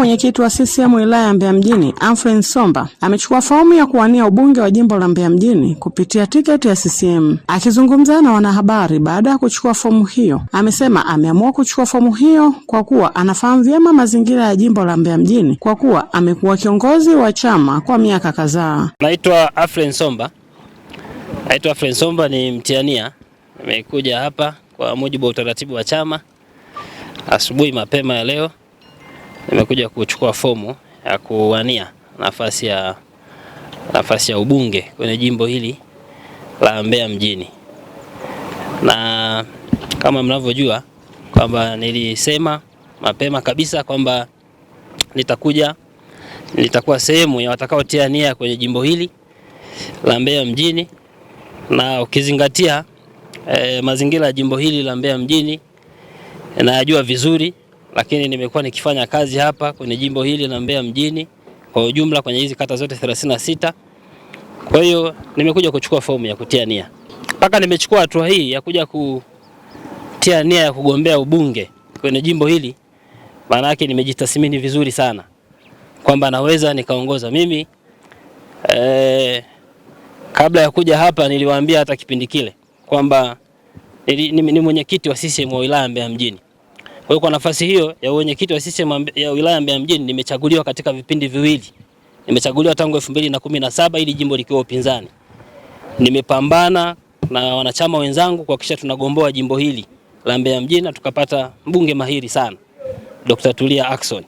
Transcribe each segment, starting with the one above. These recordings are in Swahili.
Mwenyekiti wa CCM wilaya ya Mbeya mjini Humphrey Somba amechukua fomu ya kuwania ubunge wa jimbo la Mbeya mjini kupitia tiketi ya CCM. Akizungumza na wanahabari baada ya kuchukua fomu hiyo, amesema ameamua kuchukua fomu hiyo kwa kuwa anafahamu vyema mazingira ya jimbo la Mbeya mjini kwa kuwa amekuwa kiongozi wa chama kwa miaka kadhaa. Naitwa Humphrey Somba, Naitwa Humphrey Somba, ni mtiania. Nimekuja hapa kwa mujibu wa utaratibu wa chama asubuhi mapema ya leo nimekuja kuchukua fomu ya kuwania nafasi ya, nafasi ya ubunge kwenye jimbo hili la Mbeya mjini, na kama mnavyojua kwamba nilisema mapema kabisa kwamba nitakuja nitakuwa sehemu ya watakaotia nia kwenye jimbo hili la Mbeya mjini, na ukizingatia e, mazingira ya jimbo hili la Mbeya mjini nayajua vizuri lakini nimekuwa nikifanya kazi hapa kwenye jimbo hili la Mbeya mjini kwa ujumla kwenye hizi kata zote 36. Kwa hiyo nimekuja kuchukua fomu ya kutia nia, mpaka nimechukua hatua hii ya kuja kutia nia ya kugombea ubunge kwenye jimbo hili, maana yake nimejitathmini vizuri sana kwamba naweza nikaongoza mimi. E, kabla ya kuja hapa niliwaambia hata kipindi kile kwamba ni, ni, ni mwenyekiti wa CCM wa wilaya Mbeya mjini. Kwa hiyo kwa nafasi hiyo ya mwenyekiti wa CCM ya wilaya Mbeya mjini nimechaguliwa katika vipindi viwili. Nimechaguliwa tangu 2017 ili jimbo likiwa upinzani. Nimepambana na wanachama wenzangu kuhakikisha tunagomboa jimbo hili la Mbeya mjini na tukapata mbunge mahiri sana Dr. Tulia Ackson.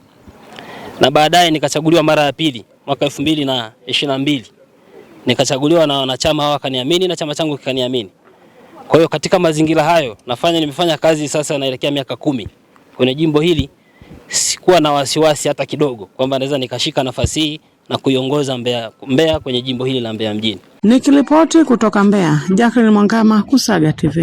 Na baadaye nikachaguliwa mara ya pili mwaka 2022. Nikachaguliwa na wanachama hawa kaniamini na chama changu kikaniamini. Kwa hiyo katika mazingira hayo nafanya nimefanya kazi sasa naelekea miaka kumi kwenye jimbo hili sikuwa na wasiwasi hata kidogo kwamba naweza nikashika nafasi hii na kuiongoza Mbeya, Mbeya kwenye jimbo hili la Mbeya mjini. Nikiripoti kutoka Mbeya, Jacqueline Mwangama, Kusaga TV.